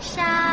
沙。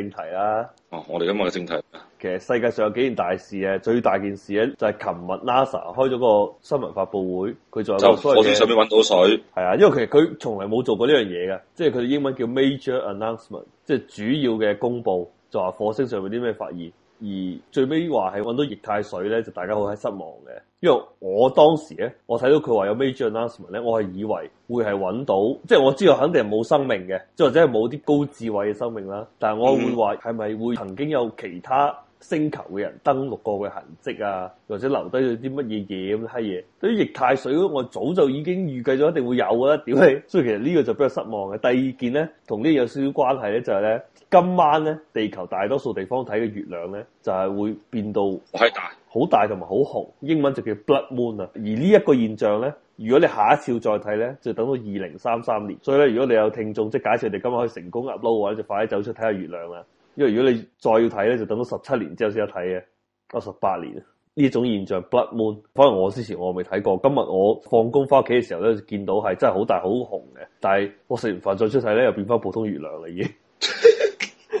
正題啦，哦、啊，我哋今日嘅正題，其實世界上有幾件大事嘅、啊，最大件事咧、啊、就係、是、琴日 NASA 開咗個新聞發布會，佢就話火星上面揾到水，係啊，因為其實佢從來冇做過呢樣嘢嘅，即係佢哋英文叫 major announcement，即係主要嘅公佈，就話火星上面啲咩發現。而最尾話係揾到液態水咧，就大家好係失望嘅，因為我當時咧，我睇到佢話有 major announcement 咧，我係以為會係揾到，即係我知道肯定係冇生命嘅，即或者係冇啲高智慧嘅生命啦，但係我會話係咪會曾經有其他星球嘅人登陸過嘅痕跡啊，或者留低咗啲乜嘢嘢咁啲閪嘢，啲液態水我早就已經預計咗一定會有啊！屌你，所以其實呢個就比較失望嘅。第二件咧，同呢個有少少關係咧，就是，就係咧今晚咧地球大多數地方睇嘅月亮咧，就係、是、會變到好大，好大同埋好紅，英文就叫 Blood Moon 啊。而呢一個現象咧，如果你下一次再睇咧，就等到二零三三年。所以咧，如果你有聽眾即係假設你哋今晚可以成功 upload 嘅話，就快啲走出睇下月亮啦。因為如果你再要睇咧，就等到十七年之後先一睇嘅，到十八年呢種現象不滿。Blood Moon，反正我之前我未睇過，今日我放工翻屋企嘅時候咧，見到係真係好大好紅嘅，但係我食完飯再出世咧，又變翻普通月亮啦，已經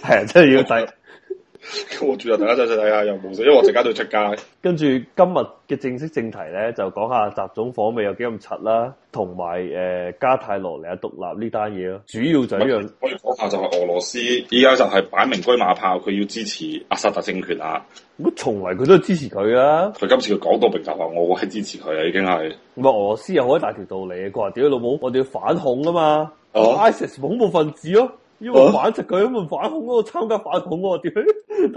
係呀，真係要睇。跟住大家細細睇下又冇食，因為我成日都要出街。跟住今日嘅正式正題咧，就講下習總訪美有幾咁柒啦，同埋誒加泰羅尼亞獨立呢單嘢咯。主要就一樣，我哋講下就係俄羅斯，依家就係擺明車馬炮，佢要支持阿薩達政權從來啊。咁從嚟佢都係支持佢噶，佢今次佢講到明頭啊，我係支持佢啊，已經係。唔係俄羅斯又好大條道理啊？佢話屌老母，我哋要反恐嘛 啊嘛，ISIS 恐怖分子咯、啊。因為反賊佢喺度反恐，我參加反恐、啊，我點樣？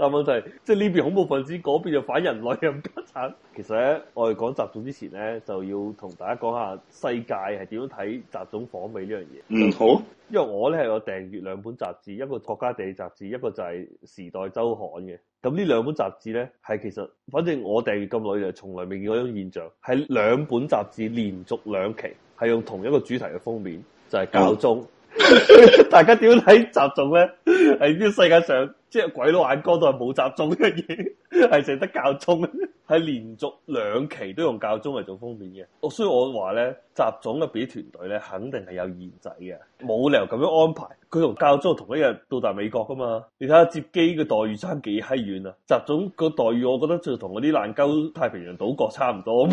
但問題即係呢邊恐怖分子，嗰邊就反人類、反家產。其實咧，我哋講習總之前咧，就要同大家講下世界係點樣睇習總訪美呢樣嘢。好。因為我咧係我訂閱兩本雜誌，一個國家地理雜誌，一個就係時代周刊嘅。咁呢兩本雜誌咧，係其實反正我訂閱咁耐，就從來未見過嗰種現象，係兩本雜誌連續兩期係用同一個主題嘅封面，就係、是、教宗。嗯 大家點睇習總咧？係 呢個世界上即係鬼佬眼光都係冇習總嘅嘢，係值得教宗，係 連續兩期都用教宗嚟做封面嘅。我所以我話咧，習總嘅啲團隊咧，肯定係有賢仔嘅，冇理由咁樣安排佢同教宗同一日到達美國噶嘛？你睇下接機嘅待遇差幾閪遠啊！習總個待遇，我覺得就同嗰啲爛鳩太平洋島國差唔多。 我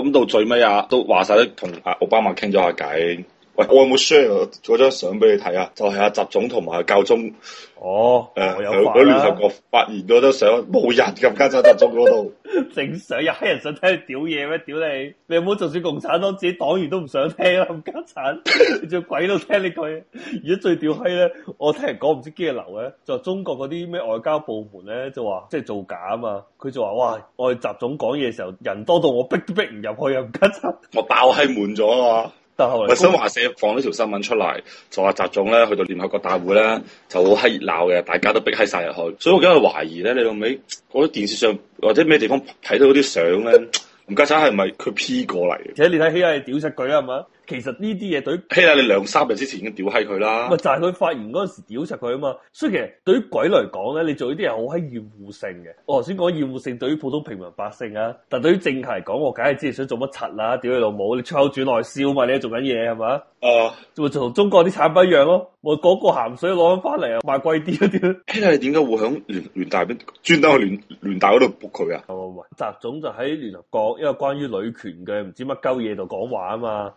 諗到最尾啊，都話晒都同阿奧巴馬傾咗下偈。喂，我有冇 share 張相俾你睇啊？就係阿習總同埋教宗哦，誒、呃，佢聯合國發言咗張相，冇人噶，更加習總我度，整相，又閪人想聽你屌嘢咩？屌你！你有冇？就算共產黨自己黨員都唔想聽啊，冚家鏟，做 鬼都聽你句。而家最屌閪咧，我聽人講唔知幾流咧，就中國嗰啲咩外交部門咧，就話即係造假啊嘛。佢就話哇，我哋習總講嘢嘅時候，人多到我逼都逼唔入去又冚家鏟，我爆閪滿咗啊！我新華社放條聞呢條新聞出嚟，就話習總咧去到聯合國大會咧就好嗨熱鬧嘅，大家都逼嗨晒入去。所以我而家懷疑咧，你諗尾諗？我、那、喺、個、電視上或者咩地方睇到嗰啲相咧，吳家燦係咪佢 P 過嚟？其實你睇起係屌石佢啊，係嘛？其實呢啲嘢對於，h、hey, e 你兩三日之前已經屌閪佢啦。咪就係佢發言嗰陣時屌柒佢啊嘛。所以其實對於鬼嚟講咧，你做呢啲係好閪厭惡性嘅。我頭先講厭惡性對於普通平民百姓啊，但對於政客嚟講，我梗係知你想做乜柒啦！屌你老母，你出口轉內銷嘛？你做緊嘢係嘛？啊，咪同、uh, 中國啲產品一樣咯。我嗰個鹹水攞翻嚟嚟賣貴啲一啲咯。h、hey, 你點解會響聯聯大邊專登去聯聯大嗰度 book 佢啊？唔唔習總就喺聯合國，因為關於女權嘅唔知乜鳩嘢度講話啊嘛，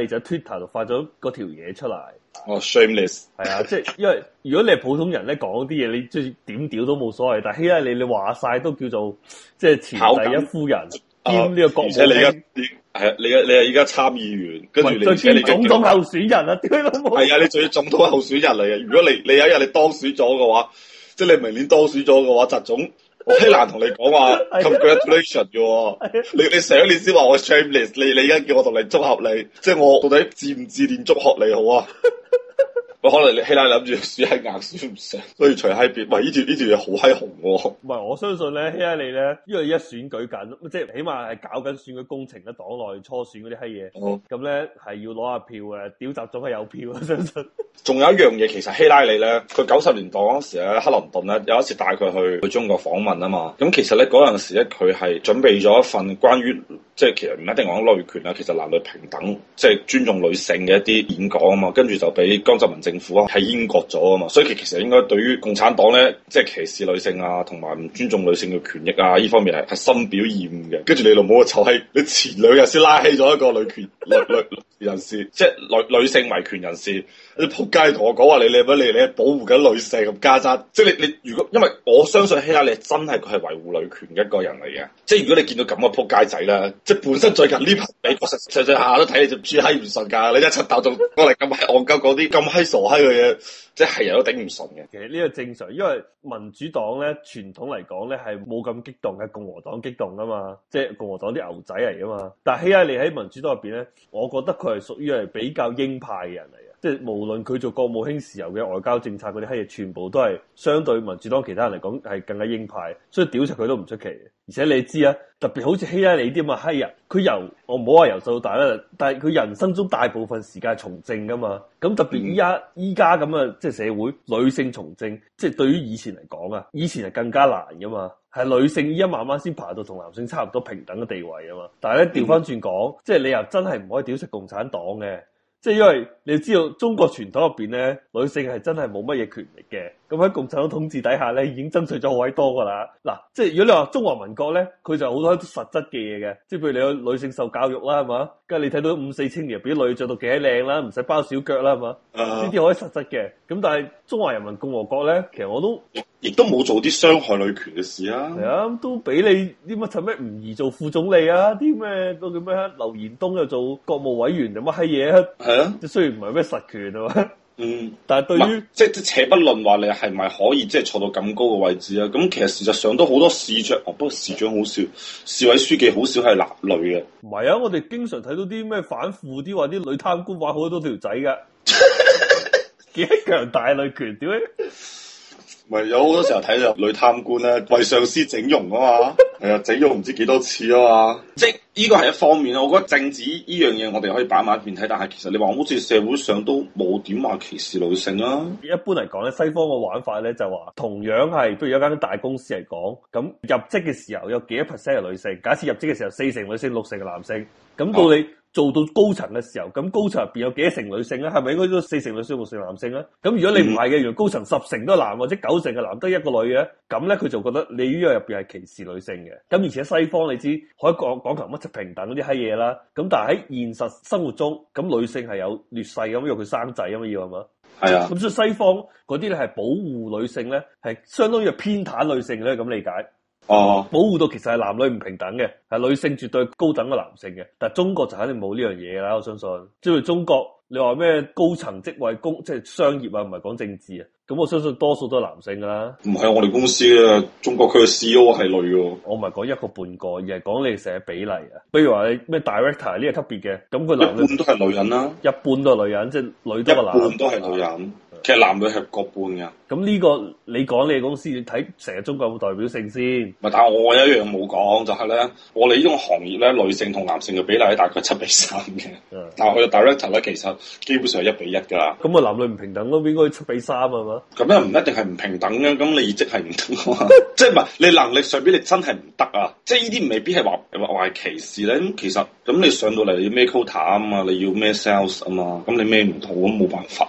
你就 Twitter 度發咗嗰條嘢出嚟，哦、oh, shameless 係啊，即係因為如果你係普通人咧講啲嘢，你即係點屌都冇所謂。但係希拉里你話晒都叫做即係前第一夫人兼呢個國務卿、哦，而且你而家你你而家你係而家參議員，跟住你總統候選人啊，屌係啊，你仲要總統候選人嚟嘅。如果你你有一日你當選咗嘅話，即係你明年當選咗嘅話，習總。 我好難同你講話 congratulation 嘅喎，你你上一年先話我 shameless，你你而家叫我同你綜合你，即係我到底自唔自戀綜合你好啊？ 可能你希拉諗住輸係硬輸唔成，所以除閪別，唔係呢條呢條嘢好閪紅喎。唔係我相信咧，希拉里咧，因為而家選舉緊，即係起碼係搞緊選舉工程啦，黨內初選嗰啲閪嘢，咁咧係要攞下票嘅，屌集總係有票，相信。仲有一樣嘢，其實希拉里咧，佢九十年代嗰時咧，克林頓咧有一次帶佢去去中國訪問啊嘛，咁其實咧嗰陣時咧，佢係準備咗一份關於即係其實唔一定講女權啦，其實男女平等，即係尊重女性嘅一啲演講啊嘛，跟住就俾江澤民政。政府啊，係英國咗啊嘛，所以其其實應該對於共產黨咧，即係歧視女性啊，同埋唔尊重女性嘅權益啊，呢方面係係深表厭惡嘅。跟住你老母就係你前兩日先拉起咗一個女權女女 人士即係女女性維權人士，你仆街同我講話你你乜你你保護緊女性咁加咋，即係你你如果因為我相信希拉里真係佢係維護女權一個人嚟嘅，即係如果你見到咁嘅仆街仔啦，即係本身最近呢排美國上上下下都睇你隻豬閪唔順噶，你一出頭就過嚟咁閪戇鳩講啲咁閪傻閪嘅嘢。即係人都頂唔順嘅，其實呢個正常，因為民主黨咧傳統嚟講咧係冇咁激動嘅，共和黨激動啊嘛，即係共和黨啲牛仔嚟啊嘛，但係希拉里喺民主黨入邊咧，我覺得佢係屬於係比較鷹派嘅人嚟嘅。即係無論佢做國務卿時候嘅外交政策嗰啲閪嘢，全部都係相對民主黨其他人嚟講係更加鷹派，所以屌出佢都唔出奇。而且你知啊，特別好似希拉里啲咁嘅閪人，佢、哎、由我唔好話由細到大啦，但係佢人生中大部分時間係從政噶嘛。咁特別依家依家咁嘅，即係社會女性從政，即係對於以前嚟講啊，以前係更加難噶嘛，係女性依家慢慢先爬到同男性差唔多平等嘅地位啊嘛。但係咧掉返轉講，嗯、即係你又真係唔可以屌出共產黨嘅。即係因為你知道中國傳統入邊咧，女性係真係冇乜嘢權力嘅。咁喺共產黨統治底下咧，已經爭取咗好鬼多噶啦。嗱，即係如果你話中華民國咧，佢就好多實質嘅嘢嘅，即係譬如你有女性受教育啦，係嘛，跟住你睇到五四青年，啲女着到幾靚啦，唔使包小腳啦，係嘛，呢啲、啊、可以實質嘅。咁但係中華人民共和國咧，其實我都亦都冇做啲傷害女權嘅事啊。係啊，都俾你啲乜陳咩吳儀做副總理啊，啲咩個叫咩劉延東又做國務委員，又乜係嘢啊？係啊，即雖然唔係咩實權啊。嘛。嗯，但係對於即係，即且不論話你係咪可以即係坐到咁高嘅位置啊？咁其實事實上都好多市長，哦，不過市長好少，市委書記好少係男女嘅。唔係啊，我哋經常睇到啲咩反腐啲話，啲女貪官玩好多條仔噶，幾強大女權點？咪有好多時候睇到女貪官咧，為上司整容啊嘛。係啊，整容唔知幾多次啊嘛。即係呢個係一方面咯，我覺得政治呢樣嘢我哋可以擺埋一邊睇，但係其實你話好似社會上都冇點話歧視女性啊。一般嚟講咧，西方嘅玩法咧就話同樣係，譬如一間大公司嚟講，咁入職嘅時候有幾多 percent 嘅女性？假設入職嘅時候四成女性，六成嘅男性，咁到你。做到高層嘅時候，咁高層入邊有幾成女性咧？係咪應該都四成女性，六成男性咧？咁如果你唔係嘅，原來高層十成都男或者九成係男，得一個女嘅，咁咧佢就覺得你呢樣入邊係歧視女性嘅。咁而且西方你知，可以講講求乜即平等嗰啲閪嘢啦。咁但係喺現實生活中，咁女性係有劣勢嘅，因為佢生仔啊嘛要係嘛？係啊。咁、哎、呀所以西方嗰啲咧係保護女性咧，係相當於偏袒女性咧咁理解。哦，uh huh. 保護到其實係男女唔平等嘅，係女性絕對高等嘅男性嘅。但係中國就肯定冇呢樣嘢啦，我相信。即係中國，你話咩高層職位工即係商業啊，唔係講政治啊，咁我相信多數都係男性噶啦。唔係我哋公司啊，中國區嘅 CEO 係女噶。我唔係講一個半個，而係講你哋成日比例啊。比如話你咩 director 呢個級別嘅，咁佢男女都係女人啦。一半都係女人，即係女多過男。都係女人。其實男女係各半嘅，咁呢，呢個你講你公司要睇成日中國有冇代表性先。係，但係我一樣冇講，就係、是、咧，我哋呢種行業咧，女性同男性嘅比例大概七比三嘅。嗯、但係我嘅 director 咧，其實基本上係一比一噶啦。咁啊，男女唔平等咯，應該七比三係嘛？咁又唔一定係唔平等嘅，咁你業績係唔得啊？即係唔係？你能力上邊你真係唔得啊？即係呢啲未必係話話歧視咧。咁其實咁你上到嚟要咩 quota 啊嘛？你要咩 sales 啊嘛？咁你咩唔同咁冇辦法。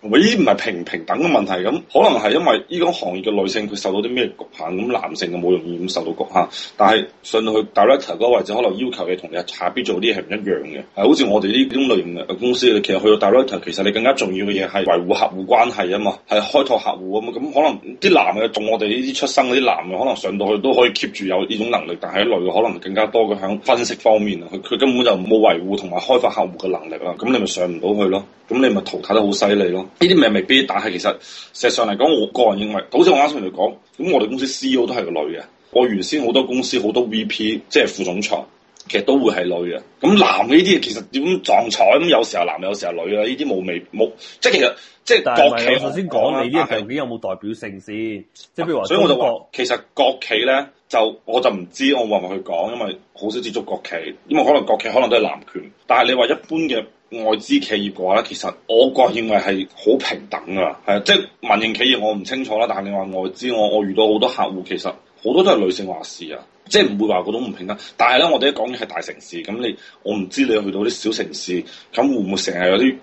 咦，唔係平平等嘅問題，咁可能係因為呢種行業嘅女性佢受到啲咩局限，咁男性就冇容易咁受到局限。但係上到去 director 嗰個位置，可能要求嘅同你下邊做啲係唔一樣嘅。係好似我哋呢種類型嘅公司，其實去到 director，其實你更加重要嘅嘢係維護客戶關係啊嘛，係開拓客戶啊嘛。咁可能啲男嘅，仲我哋呢啲出生嗰啲男嘅，可能上到去都可以 keep 住有呢種能力，但係女嘅可能更加多嘅喺分析方面啊，佢根本就冇維護同埋開發客戶嘅能力啦。咁你咪上唔到去咯。咁你咪淘汰得好犀利咯！呢啲咪未必，但係其實事實上嚟講，我個人認為，好似我啱先同你講，咁我哋公司 C E O 都係個女嘅。我原先好多公司好多 V P 即係副總裁，其實都會係女嘅。咁男呢啲其實點撞彩？咁有時候男有時候女啦，呢啲冇未冇，即係其實即係國企。我首先講，你呢個平面有冇代表性先？啊、即係譬如話，所以我就話，其實國企咧，就我就唔知，我話咪去講，因為好少接觸國企，因為可能國企可能都係男權，但係你話一般嘅。外資企業嘅話咧，其實我個人認為係好平等噶，係啊，即係民營企業我唔清楚啦。但係你話外資，我我遇到好多客戶，其實好多都係女性話事啊，即係唔會話嗰種唔平等。但係咧，我哋一講嘅係大城市，咁你我唔知你去到啲小城市，咁會唔會成日有啲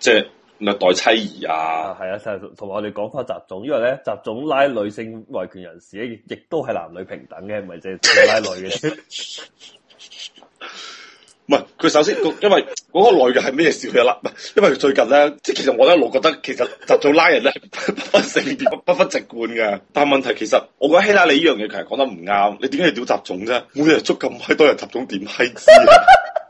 即係虐待妻兒啊？係啊，同埋我哋講翻習總，因為咧習總拉女性維權人士咧，亦都係男女平等嘅，唔係淨係拉女嘅。唔係，佢首先，因為嗰個內容係咩事嘅啦。唔係，因為最近咧，即係其實我一路覺得其實習總拉人咧，不分性別，不分籍貫嘅。但係問題，其實我覺得希拉里呢樣嘢其實講得唔啱。你點解要屌習總啫？每日捉咁閪多人習總，點閪知？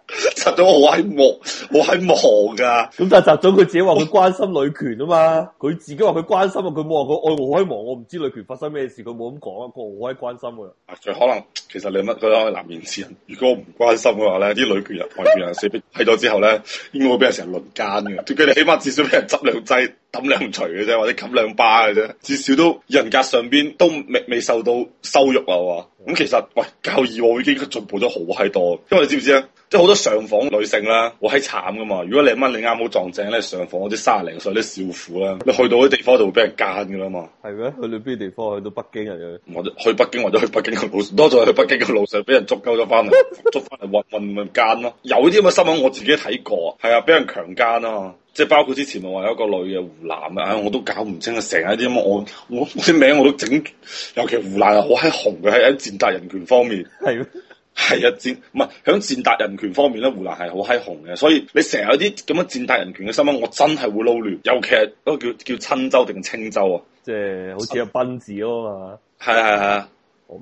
實咗我好閪忙，我好閪忙噶。咁 但係習總佢自己話佢關心女權啊嘛，佢自己話佢關心啊，佢冇話佢愛我，好閪忙。我唔知女權發生咩事，佢冇咁講啊，我好閪望關心啊。啊，佢可能其實你乜都係難言之隱。如果我唔關心嘅話咧，啲女權人、外權人死逼死咗之後咧， 應該會俾人成日輪奸嘅。佢哋 起碼至少俾人執兩劑。冚兩錘嘅啫，或者冚兩巴嘅啫，至少都人格上邊都未未受到羞辱啊！咁其實喂，教義我已經進步咗好閪多，因為你知唔知咧？即係好多上訪女性啦，我喺慘噶嘛！如果你問你啱好撞正咧，上訪嗰啲卅零歲啲少婦咧，你去到啲地方就會俾人奸噶啦嘛！係咩？去到邊啲地方？去到北京啊？去？或者去北京，或者去北京嘅路，多咗去北京嘅路上俾人捉鳩咗翻嚟，捉翻嚟運運奸咯。有啲咁嘅新聞我自己睇過，係啊，俾人強奸咯。即係包括之前我話有一個女嘅湖南啊、哎，我都搞唔清啊！成日啲咁啊，我我啲名我都整，尤其湖南係好閪紅嘅喺喺踐踏人權方面，係咯嗎，係啊，踐唔係喺踐踏人權方面咧，湖南係好閪紅嘅，所以你成日有啲咁樣踐踏人權嘅新聞，我真係會撈亂，尤其係嗰個叫叫郴州定青州啊，即係好似阿斌子啊嘛，係係啊。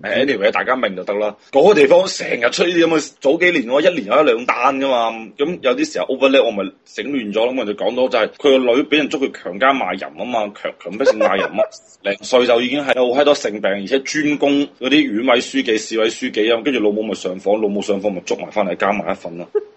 Anyway，大家明就得啦。嗰 個地方成日出啲咁嘅，早幾年我一年有一兩單噶嘛。咁有啲時候 over 咧，我咪整亂咗。咁我就講到就係佢個女俾人捉佢強姦賣淫啊嘛，強強逼性賣淫啊。零歲就已經係有好多性病，而且專攻嗰啲縣委書記、市委書記啊。跟、嗯、住老母咪上訪，老母上訪咪捉埋翻嚟加埋一份啦、啊。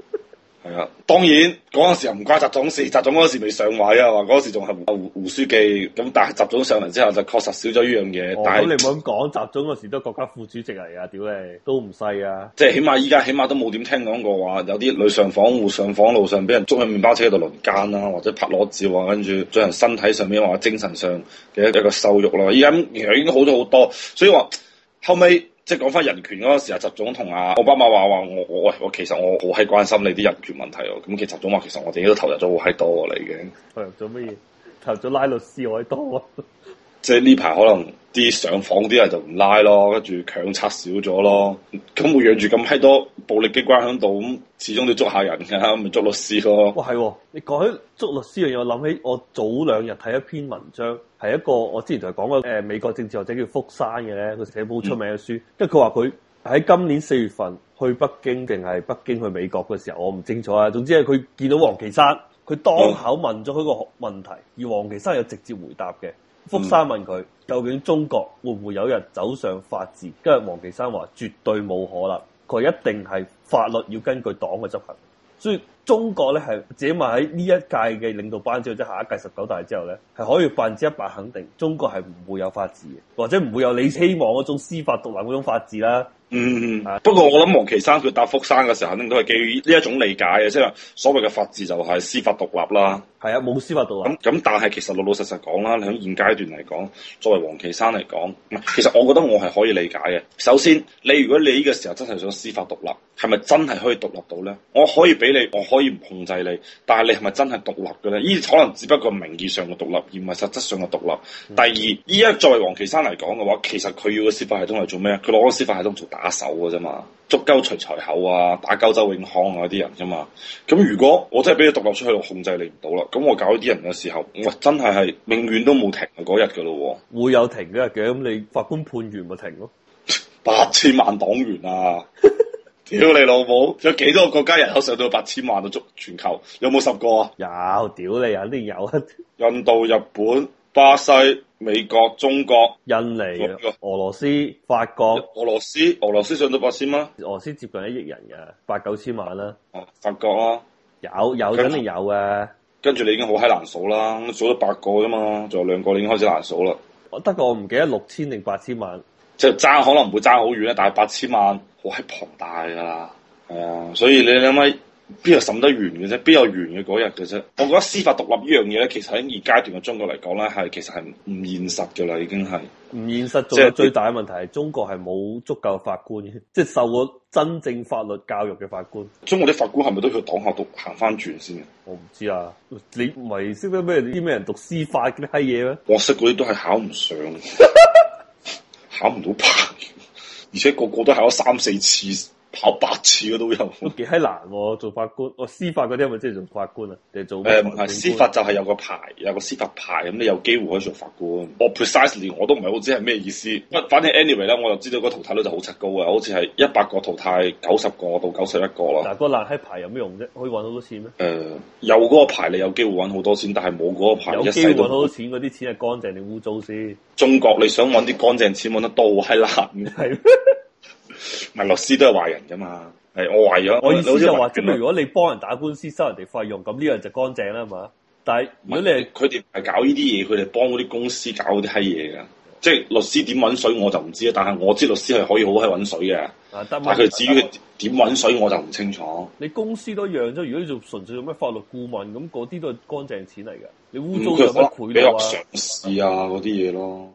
係啊，當然嗰陣、那個、時又唔關習總事，習總嗰時未上位啊，話嗰時仲係胡胡書記咁，但係習總上嚟之後就確實少咗呢樣嘢。哦、但咁是、嗯、你唔好講習總嗰時都國家副主席嚟啊，屌你都唔細啊！即係起碼依家起碼都冇點聽講過話有啲女上訪、戶上訪路上俾人捉喺麵包車度輪奸啊，或者拍裸照啊，跟住將人身體上面或精神上嘅一個羞辱咯。依家已經好咗好多，所以話後尾。即係講翻人權嗰個時候，習總同阿，奧巴馬話，話我我喂，我其實我好係關心你啲人權問題哦。咁其實習總話，其實我自己都投入咗好係多你已經。投入咗咩嘢？投入咗拉律師好係多啊！ 即係呢排可能啲上訪啲人就唔拉咯，跟住強拆少咗咯，咁會養住咁閪多暴力機關喺度，咁始終都要捉下人噶，唔咪捉律師咯。哇，係、哦，你講起捉律師啊，又諗起我早兩日睇一篇文章，係一個我之前同你講過誒美國政治學者叫福山嘅咧，佢寫本好出名嘅書，即係佢話佢喺今年四月份去北京定係北京去美國嘅時候，我唔清楚啊。總之係佢見到王岐山，佢當口問咗佢個問題，嗯、而王岐山有直接回答嘅。福山、嗯、問佢究竟中國會唔會有一日走上法治？跟住王岐山話：絕對冇可能，佢一定係法律要根據黨嘅執行。所以中國咧係只問喺呢一屆嘅領導班子或者下一屆十九大之後咧，係可以百分之一百肯定中國係唔會有法治，嘅，或者唔會有你希望嗰種司法獨立嗰種法治啦。嗯，啊、不過我諗王岐山佢答福山嘅時候，肯定都係基於呢一種理解嘅，即係所謂嘅法治就係司法獨立啦。係啊、嗯，冇司法獨立。咁咁，但係其實老老實實講啦，喺現階段嚟講，作為王岐山嚟講，其實我覺得我係可以理解嘅。首先，你如果你呢個時候真係想司法獨立，係咪真係可以獨立到咧？我可以俾你，我可以唔控制你，但係你係咪真係獨立嘅咧？呢可能只不過名義上嘅獨立，而唔係實質上嘅獨立。嗯、第二，依家作為王岐山嚟講嘅話，其實佢要嘅司法系統係做咩？佢攞個司法系統做打手嘅啫嘛，捉鳩除財口啊，打鳩周永康啊啲人嘅嘛。咁如果我真係俾你獨立出去，我控制你唔到啦，咁我搞啲人嘅時候，喂，真係係永遠都冇停嗰日嘅咯。會有停日嘅，咁你法官判完咪停咯。 八千萬黨員啊，屌 你老母！有幾多個國家人口上到八千萬啊，足全球有冇十個啊？ 有，屌你肯定有啊！有 印度、日本、巴西。美國、中國、印尼、國俄羅斯、法國、俄羅斯、俄羅斯上到八千萬，俄羅斯接近一億人嘅，八九千萬啦、啊。法國啦，有有肯定有嘅。跟住著你已經好閪難數啦，數咗八個啫嘛，仲有兩個你已經開始難數啦。啊、得過我得個，我唔記得六千定八千萬。即係爭可能唔會爭好遠啊，但係八千萬好閪龐大噶啦。係啊，所以你諗下。邊有審得完嘅啫？邊有完嘅嗰日嘅啫？我覺得司法獨立呢樣嘢咧，其實喺二階段嘅中國嚟講咧，係其實係唔現實嘅啦，已經係唔現實。即係、就是、最大嘅問題係中國係冇足夠法官，即係受過真正法律教育嘅法官。中國啲法官係咪都要去黨校讀行返轉先？我唔知啊，你唔係識得咩？啲咩人讀司法嘅咩嘢咩？我識嗰啲都係考唔上， 考唔到牌，而且個個都考咗三四次。跑八次嘅都有，都幾閪難。我做法官，我司法嗰啲係咪即係做法官啊？定做誒，唔係、呃、司法就係有個牌，有個司法牌，咁你有機會可以做法官。我、oh, precisely 我都唔係好知係咩意思。反正 anyway 咧，我就知道個淘汰率就好七高嘅，好似係一百個淘汰九十個到九十一個啦。嗱，個爛閪牌有咩用啫？可以搵好多錢咩？誒、呃，有嗰個牌你有機會搵好多錢，但係冇嗰個牌，有機會搵好多錢，嗰啲錢係乾淨定污糟先。中國你想搵啲乾淨錢搵得到，閪難係。 律師都係壞人㗎嘛，係我壞咗。我，我意思就話，了即係如果你幫人打官司收人哋費用，咁呢樣就乾淨啦，係嘛？但係如果你係佢哋係搞呢啲嘢，佢哋幫嗰啲公司搞嗰啲閪嘢嘅，即係律師點揾水我就唔知啦。但係我知律師係可以好閪揾水嘅，啊、但係佢至於點揾水我就唔清楚。啊、你公司都一樣啫，如果你做純粹做咩法律顧問，咁嗰啲都係乾淨錢嚟嘅。你污糟就咩賄賂啊、賄啊嗰啲嘢咯。